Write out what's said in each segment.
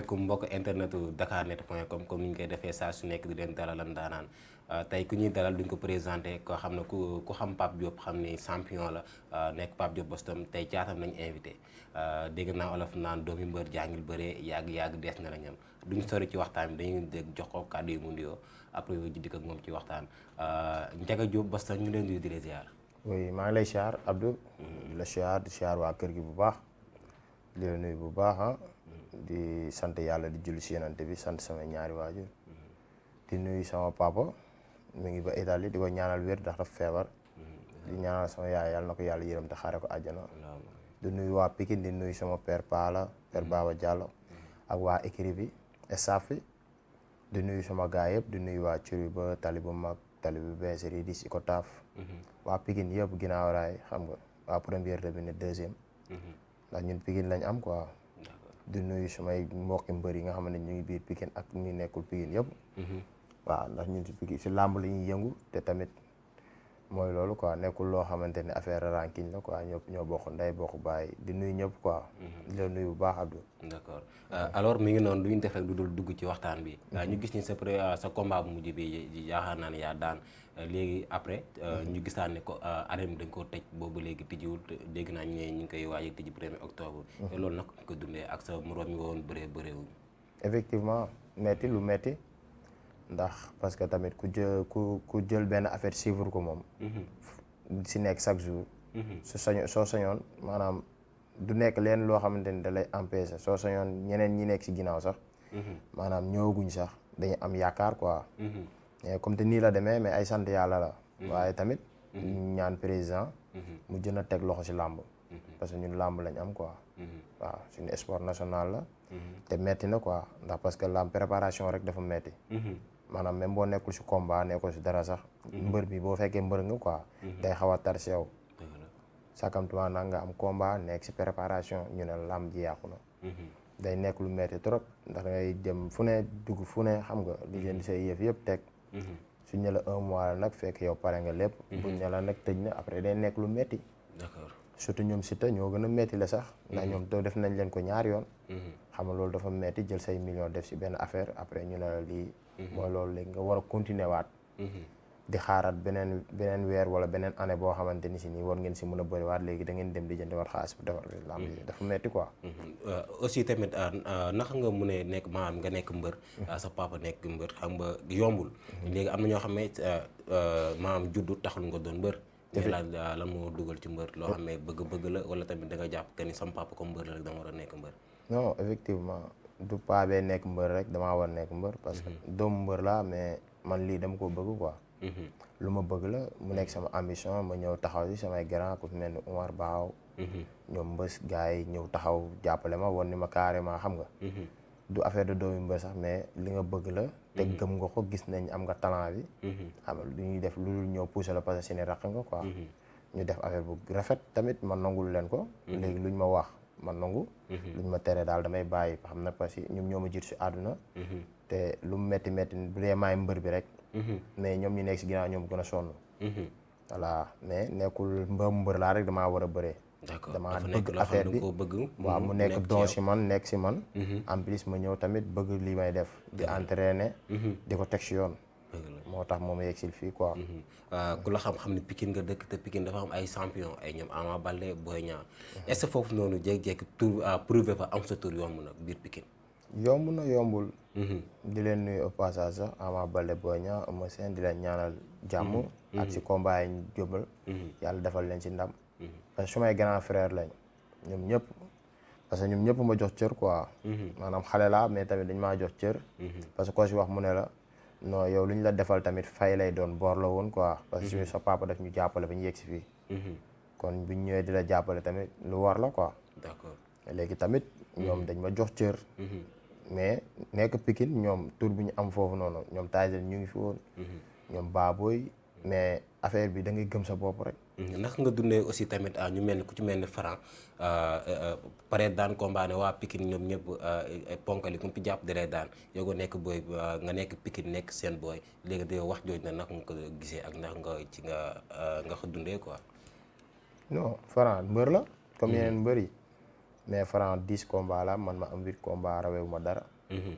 asalaamaaleykum mbokk internetu dakarnet.com comme ni ñu koy defee saa su nekk di leen dalalan daanaan euh, tey ku ñuy dalal duñ ko présenté koo xam ne ku ku xam Pape Diop xam ni champion la euh, nekk Pape Diop Boston tey caatam nañ invité euh, dégg naa olof naan doomi mbër jàngil bëree yàgg-yàgg dees na la ñam duñ sori ci waxtaan bi dañuy dégg jox ko kàddu yi mu nuyoo après yooyu dikk ak moom ci waxtaan Ndiaga Diop Boston ñu leen di di les ziar. oui maa ngi lay ziar Abdou. Mm-hmm. di la ziar di ziar waa gi bu baax di sant yàlla di julli si yonante bi sant sama ñaari waajur di nuyu sama papa mu ngi ba Italie di ko ñaanal wér ndax dafa feebar di ñaanal sama yaay ko yàlla yërëm te xaare ko àjjana di nuyu waa Pikine di nuyu sama père Paala père Baba Diallo ak waa écrit bi staff di nuyu sama gaay yëpp di nuyu waa curi ba tali bu mag tali bu bees yi di ko taaf waa Pikine yëpp ginnaaw xam nga waa première bi ne deuxième mhm. ndax ñun Pikine lañ am quoi di nuyu samay mbokki mbër yi nga xam ne ñu ngi biir Pikine ak ñu nekkul Pikine yëpp. Mm-hmm. waaw ndax ñu si Pikine si làmb la ñuy yëngu te tamit mooy loolu quoi nekkul loo xamante ni ne affaire ranking la quoi ñëpp ñoo bokk nday bokk bàyyi di nuyu ñëpp quoi. Mhm. di la bu baax a d' accord euh, alors mi ngi noonu du ñu def rek du dul dugg ci waxtaan bi. Euh, ñu gis ni sa euh, sa combat bu mujj bi yaakaar naa ne yaa daan léegi après. Mhm. ñu gisaan ne ko arène dañ koo tëj boobu léegi tijjiwul dégg naa ñu ngi koy waaj a tijji premier octobre. te mhm. loolu nag ñu ko dundee ak sa moroom ñu woon bëree bëreewuñ. effectivement metti lu metti. ndax parce que tamit ku jël ku ku jël benn affaire suivre ko moom. Mhm. si nekk chaque jour. Mhm. su soo sañoon maanaam du nekk leen loo xamante ni da lay empêcher soo sañoon ñeneen ñi nekk si ginnaaw sax. Mhm. maanaam ñëwaguñ sax dañu am yaakaar quoi. mais comme te nii la demee mais ay sant yàlla la. waaye tamit. ñaan président. mu jën a teg loxo si làmb. parce que ñun làmb lañ am quoi. waaw suñu sport national la. te metti na quoi ndax parce que làmb préparation rek dafa metti maanaam même boo nekkul si combat nekkul si dara sax. Mhm. mbër bi boo fekkee mbër nga quoi. Mhm. day xaw a tar si yow. sakamtuma nag nga am combat nekk si préparation ñu ne làmb ji yàqu na. Mhm. day nekk lu metti trop ndax ngay dem fu ne dugg fu ne xam nga. di jënd say yëf yëpp teg. suñ ne la un mois la nag fekk yow pare nga lépp. buñ ne la nag tëj na après day nekk lu metti d'accord surtout ñoom si te ñoo gën a metti la sax. ndax ñoom doo def nañ leen ko ñaar yoon. xam nga loolu dafa metti jël say million def si benn affaire après ñu ne la lii. Mhm. mooy loolu léegi nga war a continuer waat mhm. di xaaraat beneen beneen weer wala beneen année boo xamante ni si nii war ngeen si mën a waat léegi dangeen ngeen dem di jënd war xaalis bu defar lamb ji mhm. dafa euh, aussi tamit euh, euh, naka nga mun a nekk maanaam nga nekk mbër sa papa nekk mbër xam nga yombul léegi am na ñoo xam ne maanaam juddu taxul nga doon mbër lan la moo dugal ci mbër loo oh. xam bëgg-bëgg la wala tamit danga jàpp que ni sam papa comme mbër la rek dama war a nekk mbër du pas nekk mbër rek damaa war nekk mbër parce que mhm. doomu mbër laa mais man lii dama koo bëgg quoi. Mhm. lu ma bëgg la mu nekk sama ambition ma ñëw taxaw si samay grand ku mel ni Omar Baaw. Mhm. ñoom mbës gars yi ñëw taxaw jàppale ma woon ni ma carrément xam nga. du affaire de doomu mbër sax mais li nga bëgg la. te gëm nga ko gis nañ am nga talent bi. xam lu ñuy def lu dul ñëw pousser la parce que seeni raq nga quoi. ñu def affaire bu rafet tamit ma nangul leen ko. léegi lu ñu ma wax. man nangu mhm. luñ ma tere daal damay bàyyi xam na parce que ñoom ñoo ma si àdduna mhm. te lu mu métti métti bu dee maay mbër bi rek mhm. mais ñoom ñu nekk si ginnaaw ñoom gën a sonn voilà mais nekkul mbër mbër laa rek damaa war a bëree d'accord damaa bëgg affaire bi bëgg waaw mu nekk don si man nekk si man en plus ma ñëw tamit bëgg li may def di entraîner di ko teg si yoon moo tax moom yegsil fii quoi. Mhm. Euh, ku la xam-xam ne Pikine nga dëkk te Pikine dafa am ay champion ay ñoom Ama Baldé Boy Niang mhm. est-ce que foofu noonu jékki-jékki tur euh, prouver fa am sa tur yomb na biir Pikine. yomb na yombul. Mhm. di leen nuyu au sax Ama Baldé Boy Niang Eumeu Sène di leen ñaanal jàmm. ak ci combat yi ñu jubal. yàlla defal leen ci ndam. parce que su may grand frère lañ ñoom ñëpp. parce que ñoom ñëpp ma jox cër quoi. maanaam xale laa mais tamit dañ maa jox cër. parce non yow lu ñu la defal tamit fay lay doon boor la woon quoi. parce que mhm. suñu sa papa daf ñu jàppale ba ñu yegg fii. Mhm. kon bu ñu ñëwee di la jàppale tamit lu war la quoi. d'accord léegi tamit. ñoom mhm. dañ ma jox cër. mais nekk Pikine ñoom tur bu ñu am foofu noonu ñoom Tyson ñu ngi fi woon. ñoom baabooy mais affaire bi da ngay gëm sa bopp rek. ndax nga dundee aussi tamit ah, ñu mel ni ku ci mel ni Franc ah, ah, pare daan combat ne waa Pikine ñoom ñëpp ponkali ku fi jàpp diree daan yow nga nekk booy nga nekk Pikine nekk seen booy léegi de wax jooju na naka nga ko gisee ak naka nga ci nga nga ko dundee quoi. non mbër la. comme mhm. yeneen mbër yi. mais Franc dix combat man ma am huit combat rawewu ma dara. Mhm.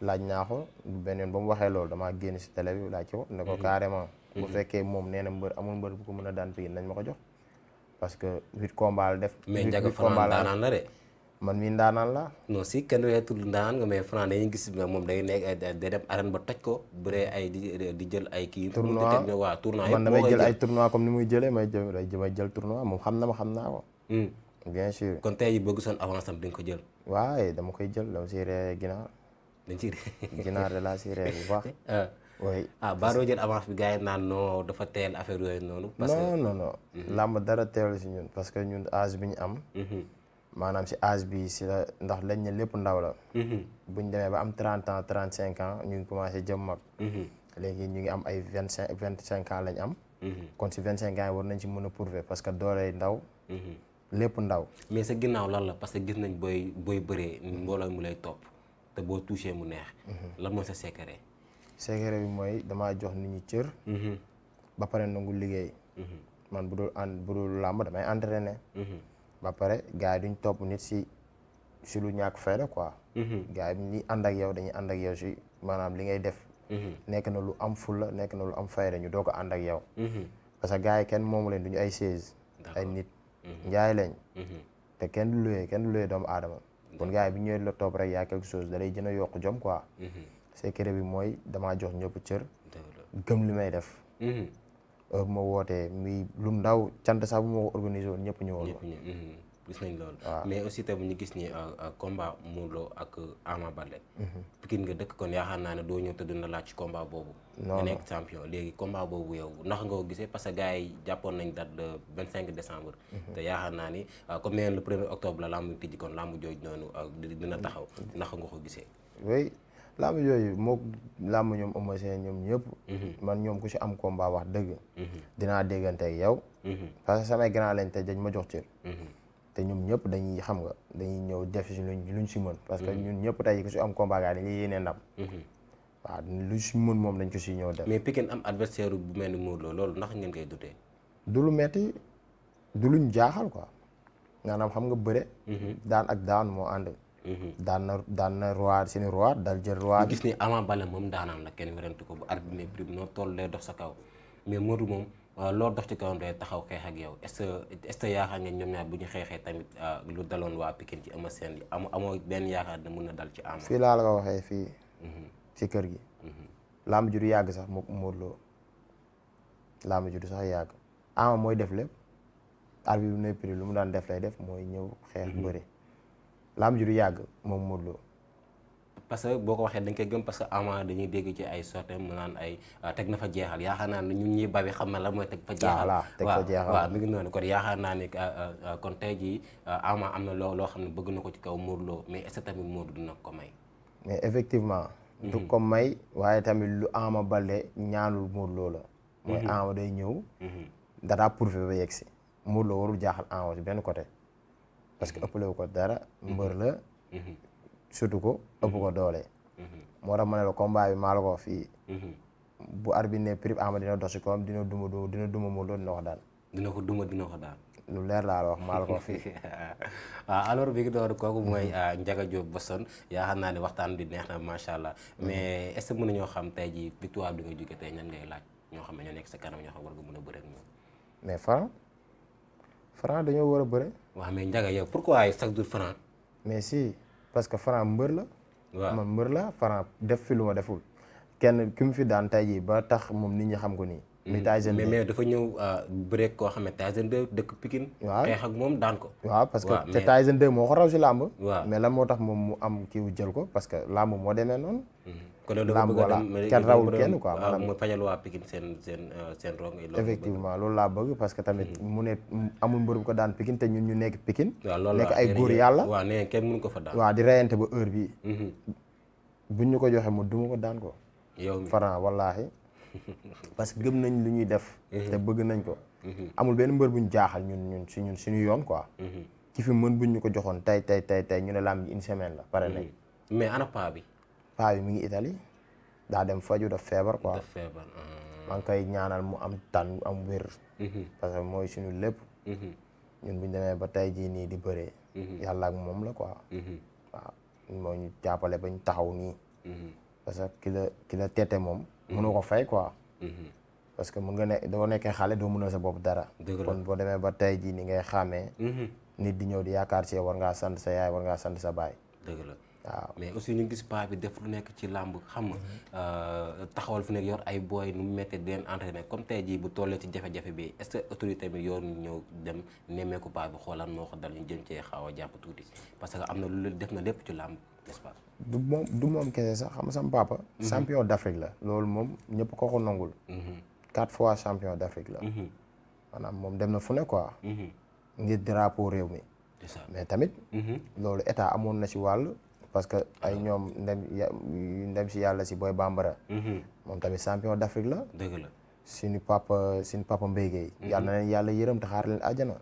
laaj naa ko beneen ba mu waxee loolu damaa génn si télé bi laaj ko ne ko mhm. carrément. bu mhm. fekkee moom nee na mbër amul mbër bu ko mën a daan pikin nañ ma ko jox parce que huit combat la def mais Ndiaga Franc daanaan la de man mii ndaanaan la non si kenn wee tudd ndaanaan nga moom day nekk day dem arène ba ko ay di jël ay kii tournoi waaw tournoi man damay jël ay tournoi comme ni muy jëlee may jël may jël tournoi moom xam na ma xam naa ko hmm. bien sûr kon tey yi bëgg son avance am ko jël waaye dama koy jël dama si ree ginaar dañ si de laa si ree oui ah Badoo jël avance bi gars yi naan non dafa affaire yooyu noonu. parce que mhm. làmb dara teelu si ñun parce que ñun âge bi ñu am. Mhm. maanaam si âge bi si la ndax lañ ne lépp ndaw la. Mhm. bu ñu demee ba am trente ans trente cinq ans ñu ngi commencé jëm mag. léegi ñu ngi am ay vingt cinq vingt cinq lañ am. kon si vingt cinq ans war nañ si mën a prouver parce que doole ndaw. lépp ndaw. mais sa ginnaaw lan la parce que gis nañ booy booy bëree mbooloo mu lay topp te boo touché mu neex. lan mooy sa secret. secret bi mooy damaa jox ni ñu cër. Mhm. ba pare nangu liggéey. Mhm. man bu dul ànd bu dul làmb damay entraîné. Mhm. ba pare gars yi duñ topp nit si si lu ñàkk fayda quoi. gars yi ñi ànd ak yow dañuy ànd ak yow si maanaam li ngay def. nekk na lu am fulla nekk na lu am ñu doog a yow. parce que gars yi kenn moomu leen duñu ay chaise. ay nit. njaay lañ. te kenn du luyee kenn lu luyee doomu aadama. kon gars bi ñëwee la topp rek yaa quelque chose da lay a yokk jom quoi. secret bi mooy damaa jox ñëpp cër. gëm li may def. Mhm. heure bu ma wootee muy lu ndaw cant sax bu ma ko organisé woon ñëpp ñëwoon. ñëpp ñëw mhm. gis mais aussi te bu ñu gis ni euh, euh, combat Modou Lo ak Ama Baldé. Mhm. Pikine nga dëkk kon yaakaar naa ne doo ñëw te dina laaj ci combat boobu. non nekk champion léegi combat boobu yow ndax nga ko gisee parce que gars yi jàppoon nañ date vingt cinq décembre. te yaakaar naa ni euh, comme nee le premier octobre la làmb tijji kon làmb jooju noonu dina taxaw mm. nax nga ko gisee. làmb yooyu mook làmb ñoom Eumeu Sène ñoom ñëpp. Mhm. man ñoom ku si am combat wax dëgg. Mhm. dinaa déggante yow. Mhm. parce que samay grand lañ te dañ ma jox cër. te ñoom ñëpp dañuy xam nga dañuy ñëw def ci luñ luñ ci mën. parce que ñun ñëpp tey ku si am combat gars dañuy yéene ndam. waaw lu si mën moom dañ ko si ñëw def. mais Pikine am adversaire bu mel ni Modou loolu ndax ngeen koy dutee. du lu metti du luñ jaaxal quoi maanaam xam nga bëre. daan ak daan moo ànd. Mhm. daan na daan na roi seen roi dal jël roi. ñu gis ni Ama Baldé moom daanaan la kenn werante ko bu arbitre ne prime noo toll sa kaw mais Modou euh, loo dox ci kawam taxaw xeex ak yow est ce que bu ñu xeexee tamit euh, lu daloon waa Pikine ci Eumeu Sène am amoo benn yaakaar ne mun na dal ci Ama. fii laa la waxee fii. Mhm. kër gi. Mhm. làmb yàgg sax mu Modou Lo sax yàgg mooy def ne prime lu mu daan def lay def mooy ñëw xeex bëre. laam ji du yàgg moom Modou loo parce que boo ko waxee dañ koy gëm parce que Ama dañuy dégg ci ay sortem mu naan ay ah, teg na fa jeexal yaakaar naa ne ñun ñuy babi xam na la mooy teg fa ah, jeexal teg fa jeexal waaw mi ngi noonu yaakaar naa ne ah, kon tey jii Ama am na loo loo xam ne bëgg na ko ci kaw Modou mais est-ce que tamit Modou ko may mais effectivement mm-hmm. du ko may waaye tamit lu Ama Baldé ñaanul Modou Lo la mm-hmm. day ñëw mm-hmm. dadaa pourfe ba si Modou Lo warul jaaxal Ama benn côté parce que ëppale ko dara. Mhm. mbër la. Mhm. surtout ko ëpp ko mhm. doole. moo tax ma ne la combat bi maa la ko fii. bu arbitre ne prix ama dina dox si kawam dina duma duma mu loolu dina ko daal. dina ko duma dina ko daal. lu leer laa la wax maa ko fii waaw bi ngi door kooku mooy ah, Ndiaga Diop Boston yaa xam naa ne waxtaan bi neex na macha allah mais est ce que mën xam tey jii victoire bi nga tey ñan ngay laaj ñoo xam ne ñoo nekk sa kanam ñoo xam war nga mën a bëre ak ñoom. mais Franc. Franc dañoo war a bëre. waaw mais Ndiaga yow pourquoi chaque jour Franc. mais si parce que Franc mbër la. waaw mbër la Franc def fi lu ma deful. kenn ki mu fi daan tey jii ba tax moom nit ñi xam ko nii. Mm. muy Tyson mais dafa ñëw euh, bëre koo xam ne Tyson dëkk Pikine. waaw xeex moom daan ko. waaw parce que te moo ko si làmb. waaw mais lan moo tax moom mu am kii jël ko parce que làmb moo demee noonu. Mm-hmm. lamb voilà kenn rawul kenn quoi ah, maanaam mu fajal waa Pikine seen seen euh, seen rong loolu laa bëgg parce que tamit mhm. mu ne amul mbër bu ko daan Pikine te ñun ñu nekk Pikine nekk ay góor yàlla waaw nee kenn mënu ko fa daan waaw di reyante ba heure bi mhm. buñ ñu ko joxee mu duma ko daan ko yow Franc wallaahi parce que gëm nañ lu ñuy def mhm. te bëgg nañ ko amul benn mbër bu ñu jaaxal ñun ñun si ñun suñu yoon quoi ci fi mën buñ ñu ko joxoon tey tey tey tey ñu ne làmb ji une semaine la pare nañ mais ana pa bi paa bi mu ngi Italie daa dem faju daf feebar quoi daf feebar mm. maa ngi koy ñaanal mu am tan mu am wér mm-hmm. parce que mooy suñu lépp mm-hmm. ñun bu ñu demee ba tey jii nii di bëree mm-hmm. yàlla ak moom la ko waaw moo ñu jàppale ba ñu taxaw nii parce que kilo la ki tete moom mënu ko fay quoi parce que mun nga ne doo nekkee xale doo mënal sa bopp dara kon boo demee ba tey jii ni ngay xàmmee nit di ñëw di yaakaar ci war ngaa sant sa yaay war ngaa sant sa baay waaw mais aussi ñu gis paa bi def lu nekk ci làmb xam nga euh, taxawal fu nekk yor ay booy nu mu méttee di leen comme tey jii bu tollee ci jafe-jafe bi est ce autorité bi yoon ñëw dem nemmeeku paa bi xoolaan moo ko dal ñu jëm cee xaw a jàpp tuuti parce que am na lu def na lépp ci làmb nest du moom du moom kese sax xam sam papa. Mhm. champion d' Afrique la. loolu moom ñëpp ko ko nangul. Mhm. quatre fois champion d' Afrique la. Mhm. maanaam moom dem na fu ne quoi. ngir drapeau réew mi. mais tamit. loolu na ci wàll. parce que ay ah. ñoom ndem ndem si yàlla si Boy Bambara. Mhm. moom tamit champion d' la. dëgg la suñu papa suñu papa Mbaye Guèye. Mhm. yàlla na leen yàlla yërëm te xaar leen àjjana.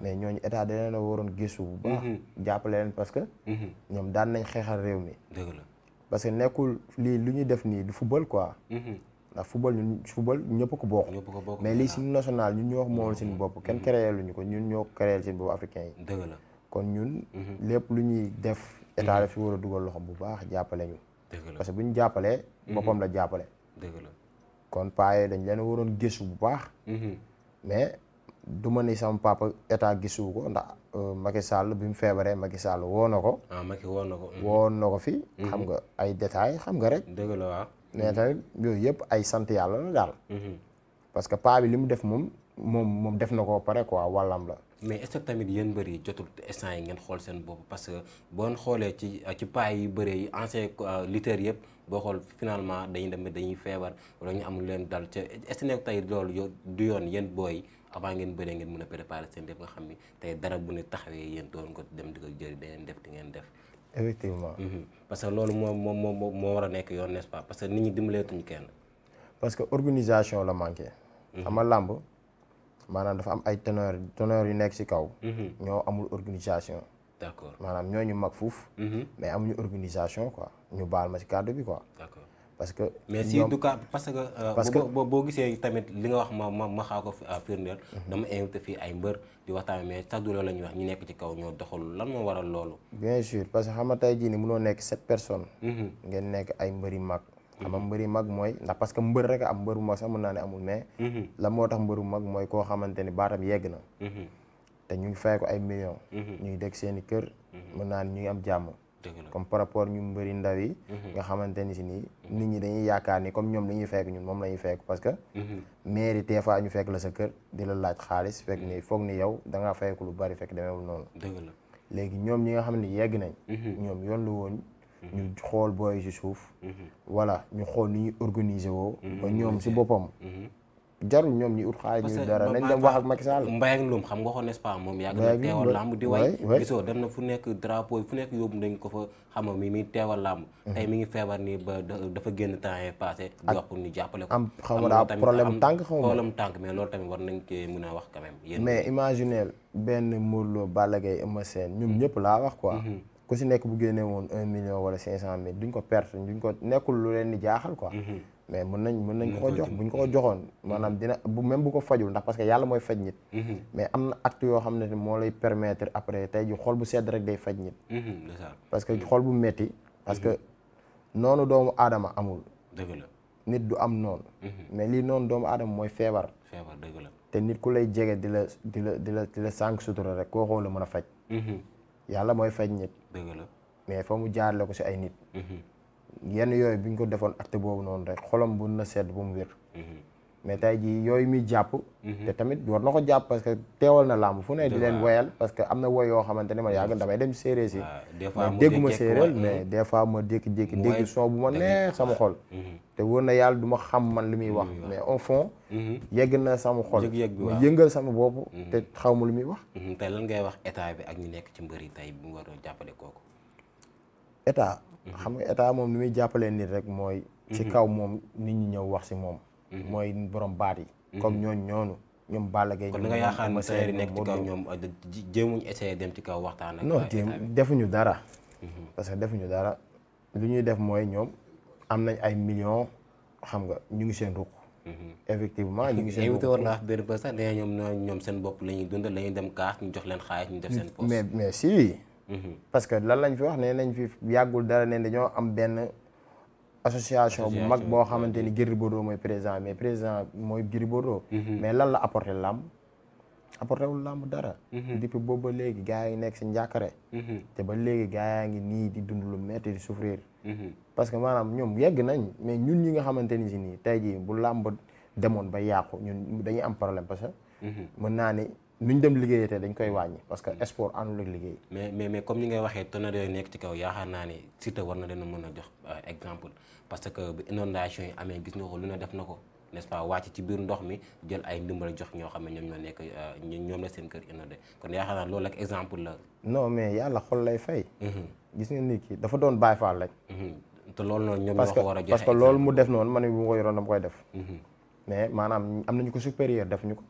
mais ñooñu état da waroon gëstu bu baax. Mhm. jàppale leen parce que. ñoom daan nañ xeexal réew mi. parce que nekkul lii lu ñuy def nii du football quoi. ndax football ñun football ñëpp ko bokk. mais lii suñu national ñun ñoo moom suñu bopp kenn créé luñu ko ñun ñoo créé suñu bopp africain yi. état mhm. daf si war a dugal loxo bu baax jàppale ñu. parce que bu ñu jàppalee. Mhm. boppam la jàppale. dëgg la kon paaye dañ leen waroon gëstu bu baax. Mhm. mais du ma ni sama papa état gisuwu ko ndax euh, Macky Sall bi mu feebaree Macky Sall woo na ko. ah Macky na ko. woo na ko fi. xam nga ay détails xam nga rek. dëgg la waaw. tamit yooyu yëpp ay sant yàlla la daal. parce que paa bi li mu def moom moom def na ko pare quoi wàllam la. mais est tamit yéen bëri yi jotul instant yi ngeen xool seen bopp parce que boo xoolee ci euh, ci paa yi bëree yi ancien euh, lutteurs yëpp boo xool finalement dañuy dem dañuy feebar wala ñu amul leen dal ca est-ce que nekk tey loolu du yoon yéen booy avant ngeen bëree ngeen mën a seen def nga xam ni tey dara bu ne taxawee yéen doon ko dem di ko jëri dangeen def di ngeen def effectivement mm-hmm. parce que loolu moom moom moom moo war a nekk yoon n'est-ce pas parce que nit ñi dimbaleetuñu kenn parce que organisation la manqué mm-hmm. ama làmb maanaam dafa am ay ténor ténor yu nekk ci kaw. Mhm. ñoo amul organisation. d'accord maanaam ñoo ñu mag fuuf. Mhm. mais amuñu organisation quoi ñu baal ma ci kàddu bi quoi. d'accord parce que. mais si du cas parce que. Euh, parce que boo boo gisee tamit li nga wax ma ma ma xaw ko firndeel. Mhm. dama invité fii ay mbër di waxtaan mais sax du loolu la ñuy wax ñu nekk ci kaw ñoo doxal lan moo waral loolu. bien sûr parce que xam nga tey jii nii mënoo nekk sept personnes. ngeen nekk ay mbëri mag. ama mbëri mag mooy ndax parce que mbër rek am mbër bu mag sax mën naa ne amul mais mhm. la moo tax mbër bu mag mooy koo xamante ni baatam yegg na mhm. te ñu ngi fay ko ay millions mhm. ñu ngi dëkk seen i kër mën naa ne ñu ngi am jàmm comme par rapport ñu mbëri ndaw yi nga xamante ni si nii nit ñi dañuy yaakaar ni comme ñoom li ñuy fekk ñun moom la ñuy fekk parce que mairie des fois ñu fekk la sa kër di la laaj xaalis fekk ni foog ni yow da ngaa fay lu bari fekk demeewul noonu léegi ñoom ñi nga xam ne yegg nañ ñoom yoon lu woon ñu xool booy ci suuf. Mhm. voilà ñu xool ni ñu organiser woo. Mhm. ba ñoom si boppam. Mhm. jarul ñoom ñu ut xaalis ñu dara nañ dem wax ak Macky Sall Mbaye ak xam nga ko n'est-ce pas moom yàgg na teewal làmb di way gisoo dem na fu nekk drapeau fu nekk yóbbu nañ ko fa xamoo mii mii teewal làmb tey mi ngi feebar nii ba dafa génn temps yi passé di wax pour jàppale am xam nga daa problème tànk xam nga problème tànk mais loolu tamit war nañ koy mën a wax quand même mais imaginez benn Modou Lo Balla Gaye Eumeu Sène ñoom ñëpp laa wax ko ku si nekk bu génne woon un million wala cinq cent mille duñ ko perte duñ ko nekkul lu leen ni jaaxal ko mm-hmm. mais mën nañ mën nañ ko ko jox buñ ko ko joxoon maanaam dina bu même bu ko fajul ndax parce que mooy faj nit mm-hmm. am na acte yoo xam ne moo lay permettre après tey ji xol bu sedd rek day faj nit mm-hmm, parce que xol bu metti parce que noonu doomu aadama amul dëgg nit du am noonu mais lii noonu doomu aadama mooy feebar feebar dëgg te nit ku lay jege di la di la di la di la sànq sutura rek koo la mën a faj yàlla mooy faj nit dëgg mais fa mu jaarale ko si ay nit. Mhm. yenn yooyu bi ñu ko defoon acte boobu noonu rek xolom bu na sedd ba mu wér. Mhm. mais tey jii yooyu muy jàpp mhm. te tamit war na ko jàpp parce que teewal na làmb fu ne di leen woyal parce que am na woy yoo xamante ne man yàgg damay dem séeréer si ah, ma dégguma séeréer mais hmm. des fois ma jékki-jékki dégg son bu ma neex sama xol hmm. te wóor na yàlla duma xam man hmm, lu muy wax mais au fond yegg na sama xol ma yëngal sama bopp te xaw ma lu muy wax tey lan ngay wax état bi ak ñu nekk ci mbër yi tey bi mu war a jàppale kooku état xam nga état moom li muy jàppalee nit rek mooy ci kaw moom nit ñëw wax si moom Mhm. mooy borom baat yi. Mhm. comme ñooñu ñoonu ñoom Balla Gaye. ñoom ñoom Moussa kon nga yaakaar nekk ci kaw ñoom euh, jéemuñu essayé dem ci dara. Mhm. parce que defuñu dara lu ñuy def mooy ñoom am nañ ay millions xam nga ñu ngi seen ruq. effectivement ñu ngi seen ruq war naa wax benn bés sax dañoo ñoom seen bopp la ñuy dundal la ñuy dem kaas ñu jox leen xaalis ñu def seen poche. mais mais si. parce que lan lañ fi wax nee nañ fi yàggul dara ne dañoo am benn. association bu mag boo xamante ni Gris Bordeaux mooy président mais président mooy Gris Bordeaux mhm. mais lan la apporté làmb apporté wul làmb dara mhm. depuis boobu ba léegi gars ngi nekk si njàkkare mhm. te ba léegi gaa yaa ngi nii di dund lu metti di souffrir parce que maanaam ñoom yegg nañ mais ñun ñi nga xamante ni si nii tey jii bu làmb demoon ba yàqu ñun dañuy am problème parce que naa ni nu ñu dem liggéeyee te dañ koy wàññi parce que mm. sport àndul ak liggéey. mais mais mais comme ni ngay waxee tonnerre yooyu nekk ci kaw yaakaar naa ne Siteu war na leen mën a jox euh, exemple parce que bu inondation yi amee gis nga ko lu ne def na ko nest ndox mi jël ay ndimbal jox ñoo xam ne ñoom nekk euh, ñoom la seen kër inondé kon yaakaar naa loolu ak exemple la. non mais yàlla xol lay fay. Mm-hmm. gis nga nit ki dafa doon Baay Faal rek. Mm-hmm. te loolu noonu ñoom ñoo ko war mu def noonu man bu ko yoroon dama koy def. Mm-hmm. mais maanaam am nañu ko supérieur def ñu ko.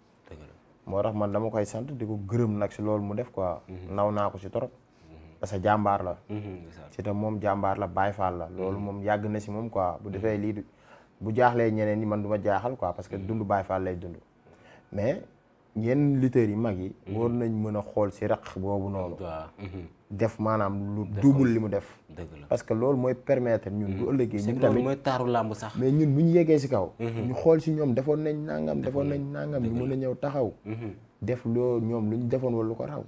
moo tax man dama koy sant di ko gërëm nag si loolu mu def quoi. Mhm. naw naa ko si trop. Mhm. parce que jàmbaar la. Mhm, si tam moom jàmbaar la Baay Faal la. loolu moom yàgg na si moom quoi bu defee lii bu jaaxlee ñeneen ñi man du ma jaaxal quoi parce que dund Baay Faal lay dund mais. yenn lutteurs yi mag yi. Mhm. war nañ mën a xool si raq boobu noonu. Mhm. def maanaam lu duubul li mu def. parce que loolu mooy permettre ñun du mhm. ëllëgee. ñun tamit taaru làmb sax. mais ñun bu ñu yeggee si kaw. xool si ñoom defoon nañ nangam defoon nañ nangam ñu mën a ñëw taxaw. def loo ñoom lu ñu defoon wala ko raw.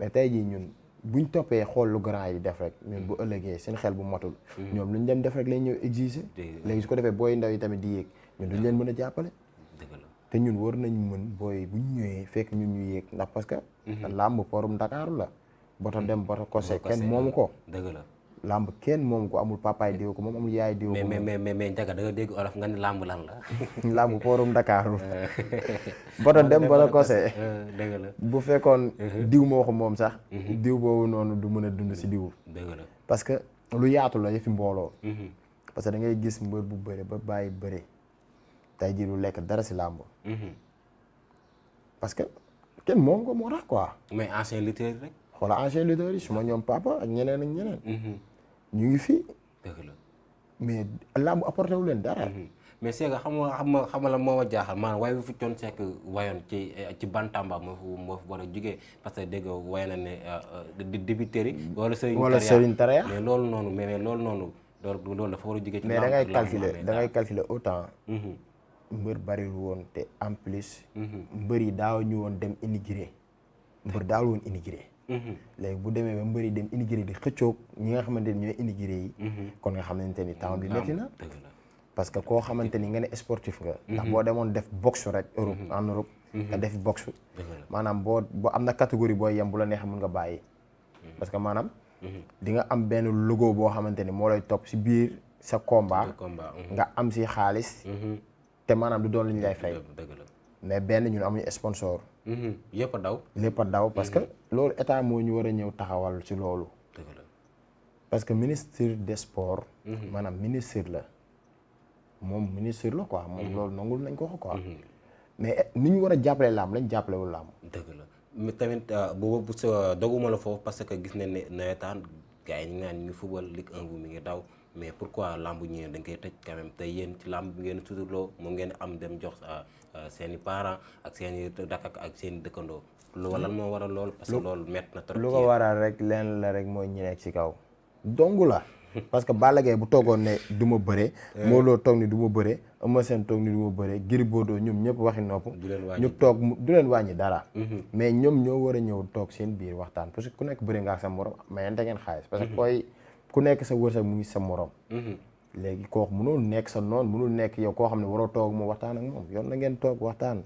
mais tey jii ñun buñ toppee xool lu grand yi def rek ñun bu ëllëgee seen xel bu matul. ñoom lu ñu dem def rek lañ ñëw exiger. léegi su ko defee booy ndaw yi tamit di yéeg ñun duñ leen mën a jàppale. te ñun war nañ mën booy bu ñu ñëwee fekk ñun ñu yéeg ndax parce que. Mhm. làmb porum Dakaaru la. bota mhm. dem bota kose kenn moomu ko. dëgg la kenn moomu ko amul papaay ko moom amul yaay diw ko. mais mais mais mais Ndiaga da nga dégg olof nga ne làmb lan la. làmb porum Dakaaru. bota dem bota kose. Euh, dëgg la bu fekkoon. Mhm. diw moo ko moom sax. diw boobu noonu du mën a dund si diw. dëgg la parce que lu yaatu la yëfi mbooloo. parce que gis mbër bu bëre ba bàyyi bëre. tey jii du lekk dara si làmb. Mhm. parce que kenn moom ko moo tax quoi. mais ancien lutteur rek. xoolal ancien lutteur yi suma ñoom papa ñeneen ak ñeneen. Mhm. ñu ngi fi. dëgg la mais làmb apporté dara. Mhm. mais Sega xam nga xam nga xam la moo ma jaaxal maanaam waaye bu fi coon sekk wayoon ci ci bantamba moo fi moo fi war a jugee parce que dégg waye na ne euh, euh, di débiteurs yi. wala Serigne Taraya wala Serigne Taraya. mais loolu noonu mais loolu noonu loolu dafa war a jugee. ci mais da ngay calculer da calculer autant. mbër bariwul woon te en plus. Mhm. mbër yi daaw ñu woon dem immigré. mbër daawul woon immigré. Mhm. léegi bu demee ba mbër yi dem immigré di xëccoog ñi nga xamante ni ñooy immigré yi. Mhm. kon nga xamante ni temps bi métti na. parce que koo xamante ni nga ne sportif nga. ndax boo demoon def boxe rek Europe en Europe. nga def boxe. maanaam boo am na catégorie boo yem bu la neexee mën nga bàyyi. parce que maanaam. di nga am benn logo boo xamante ni moo lay topp si biir sa komba nga am si xaalis. te maanaam du doon lu ñu lay fay. mais benn ñun amuñu sponsor. Mm-hmm. yëpp a daw. lépp daw parce que mm-hmm. loolu état moo ñu war a ñëw taxawal ci loolu. parce que ministre des sports. Mm-hmm. maanaam ministre la moom ministre la quoi moom loolu nangul nañ ko quoi. mais eh, ni ñu war a jàppale làmb lañ jàppalewul làmb. dëgg la mais tamit euh, bu bu doguma la foofu parce que gis nañ ne nawetaan gars yi ñu ngi naan ñu ngi fubal Ligue 1 bu mi ngi daw mais pourquoi lamb ñu ne dañ koy tëj quand même tey ci lamb bi ngeen suturloo moom ngeen am dem jox euh, euh, seen i parents ak seen i dakak ak seen dëkkandoo. lu lan moo waral lool parce que loolu métti na trop. lu ko waral rek lenn la rek mooy ñu nekk ci kaw. dong la. parce que Balla Gaye bu toogoon ne du ma bëre. Eh. Modou Lô toog ni du ma bëre. Eumeu Sène toog ni du ma bëre Gris Bordeaux ñoom ñëpp waxi nopp. ñu toog du leen wàññi dara. Mm-hmm. mais ñoom ñoo war a ñëw toog seen biir waxtaan parce que ku nekk bëre nga ak sa morom mayante ngeen xaalis. parce que koy mm-hmm. ku nekk sa wërsëg mu ngi sa morom. Mm-hmm. léegi kooku mënul nekk sa noonu mënul nekk yow koo xam ne waroo toog moom waxtaan ak moom yoon na ngeen toog waxtaan.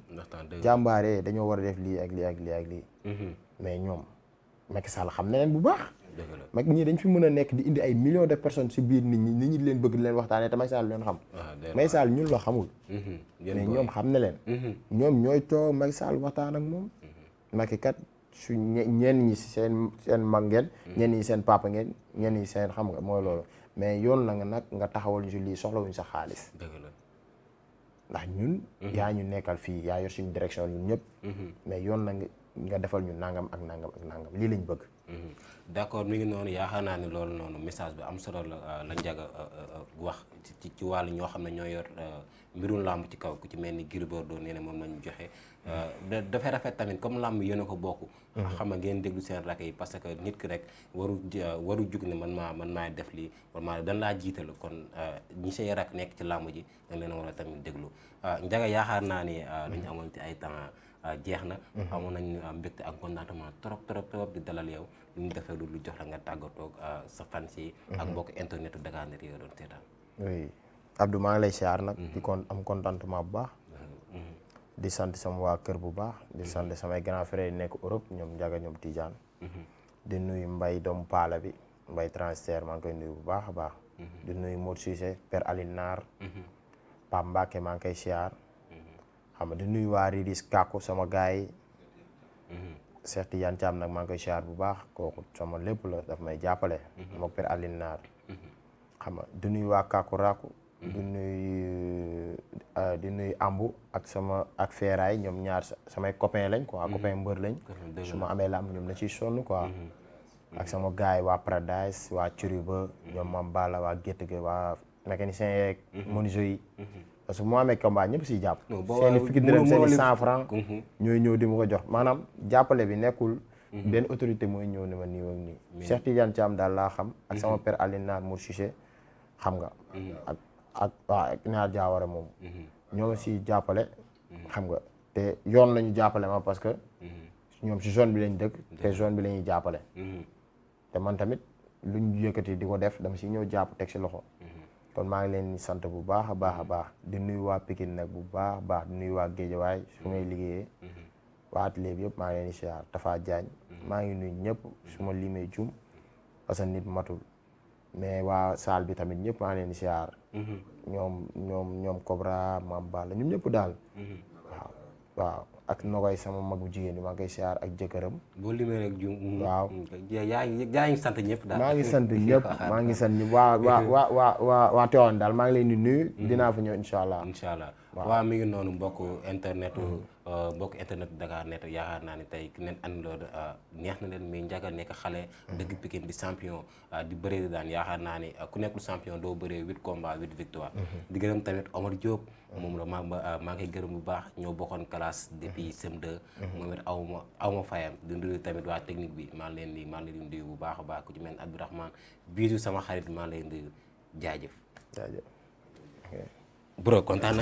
jàmbaare dañoo war a def lii ak lii ak lii ak lii. mais ñoom Macky Sall mag ñii dañ fi mën a nekk di indi ay millions de personnes si biir nit ñi nit ñi leen bëgg di leen waxtaanee te Macky Sall leen xam ah, Macky Sall ñun la xamul mhm. mais ñoom xam ne leen mhm. ñoom ñooy coow may Sall waxtaan ak moom mhm. Macky kat su ñenn ñi seen seen mag ngeen ñenn seen papa ngeen ñenn ñi seen xam nga mooy loolu mais yoon na nga nag nga taxawal ñu si lii soxlawuñ sax xaalis ndax ñun yaa ñu nekkal fii yaa yor suñu direction ñun ñëpp mais yoon na nga defal ñu nangam ak nangam ak nangam lii lañ bëgg Mhm. d' accord mi ngi noonu yaakaar naa ne loolu noonu message bi am solo la euh, la njaga euh, euh, wax ci ci wàllu ñoo xam ne ñoo yor mbirum làmb ci kaw ku ci mel ni Gris Bordeaux nee na moom la ñu joxe. dafe rafet tamit comme làmb yéen ko bokk. Mhm. xam nga ngeen déglu seen rakk yi parce que nit ki rek waru waru jug ne man maa man maay def lii man dan laa jiital kon ñi say rakk nekk ci làmb ji dañ leen a war a tamit déglu njaga yaakaar naa ne. dañu amoon ci ay temps. Euh, jeex na. Mhm. amoon nañu euh, mbégte ak contentement trop trop trop di dalal yow li ñu lu jox nga tàggatoo euh, sa fans yi. ak mhm. mbokk internetu Dakar Net yi maa lay siyaar nag. Mhm. di kon am contentement bu baax. di sant sama waa kër bu baax. di sant samay grand nekk Europe ñoom Ndiaga ñoom Tidiane. di nuyu Mbaye doomu Paala bi Mbaye maa ngi koy nuyu bu baax a baax. di nuyu Modou Cissé Père Aline Naar. Pape maa ngi koy siyaar. xam nga di nuyu waa Ridis Kàkku sama gars yi. Mhm. Cheikh Tidiane Thiam nag maa ngi koy siyaar bu baax kooku sama lépp la daf may jàppale. Mhm. moog Père Aline Naar. Mhm. xam nga di nuyu waa Kàkku Ràkku. di nuyu euh, di nuyu Ambu ak sama ak Feeraay ñoom ñaar samay copain lañ ko copain mbër lañ. su ma amee làmb ñoom la ciy sonn quoi. ak sama gars yi waa Paradise waa Curuba. ñoom Mame Balla waa Gétt gi waa mécanicien yeeg menuisier yi. parce que mu amee combat ñëpp siy jàpp. seen i fukki dërëm i cent franc. Mm-hmm. ñooy ñëw di ma ko jox maanaam jàppale bi nekkul. Mm-hmm. benn autorité mooy ñëw ne ma nii ak nii. Cheikh Tidiane Thiam daal laa xam. ak sama mm-hmm. père Alioune Naar Mor Cissé xam nga. ak ak waa Naar Diawara moom. si jàppale. xam nga te yoon lañu jàppale ma parce que. ñoom si zone bi lañ dëkk. zone bi la ñuy jàppale. te man tamit lu ñu yëkkati di ko def dama si ñëw jàpp teg si loxo. kon maa ngi leen di sant bu baax a baax a baax di nuyu waa pikin nag bu baax a baax di nuyu waa Géejawaay su may liggéeyee mm-hmm. waa atelier bi yëpp maa ngi leen di siyaar Tafa Diagne mm-hmm. maa ngi nuy ñëpp su ma limee jum parce que nit matul mais waa saal bi tamit ñëpp maa ngi leen di siyaar mm-hmm. ñoom ñoom ñoom Cobra Mame Balla ñoom ñëpp daal waaw ak Nogoy sama magu jigéen bi maa ngi koy ak jëkkëram. boo limee rek jum. waaw yaa ngi sant ñëpp daal. maa ngi sant ñëpp maa ngi sant ñëpp waa waa waa waa waa daal maa ngi leen di nuyu. Mm. dinaa fa ñëw incha allah. incha allah. waaw mi ngi noonu mbokk internet mm-hmm. euh, mbokk internet Dakar net yaakaar naa ne tey neen and loolu euh, neex na leen mais njaga nekk xale mm-hmm. dëgg Pikine di champion euh, di bëree daan yaakaar naa ni ku nekkul champion doo bëree huit combats huit victoire mm-hmm. di gërëm tamit Omar Diop moom la ma maa ngi gërëm bu baax ñoo bokkoon classe depuis sem 2 moom it aw ma aw ma fayam di tamit waa technique bi maa leen di maa leen di bu baax a baax ku ci mel ni Abdourahmane biisu sama xarit maa leen di jaajëf jaajëf bro kontaan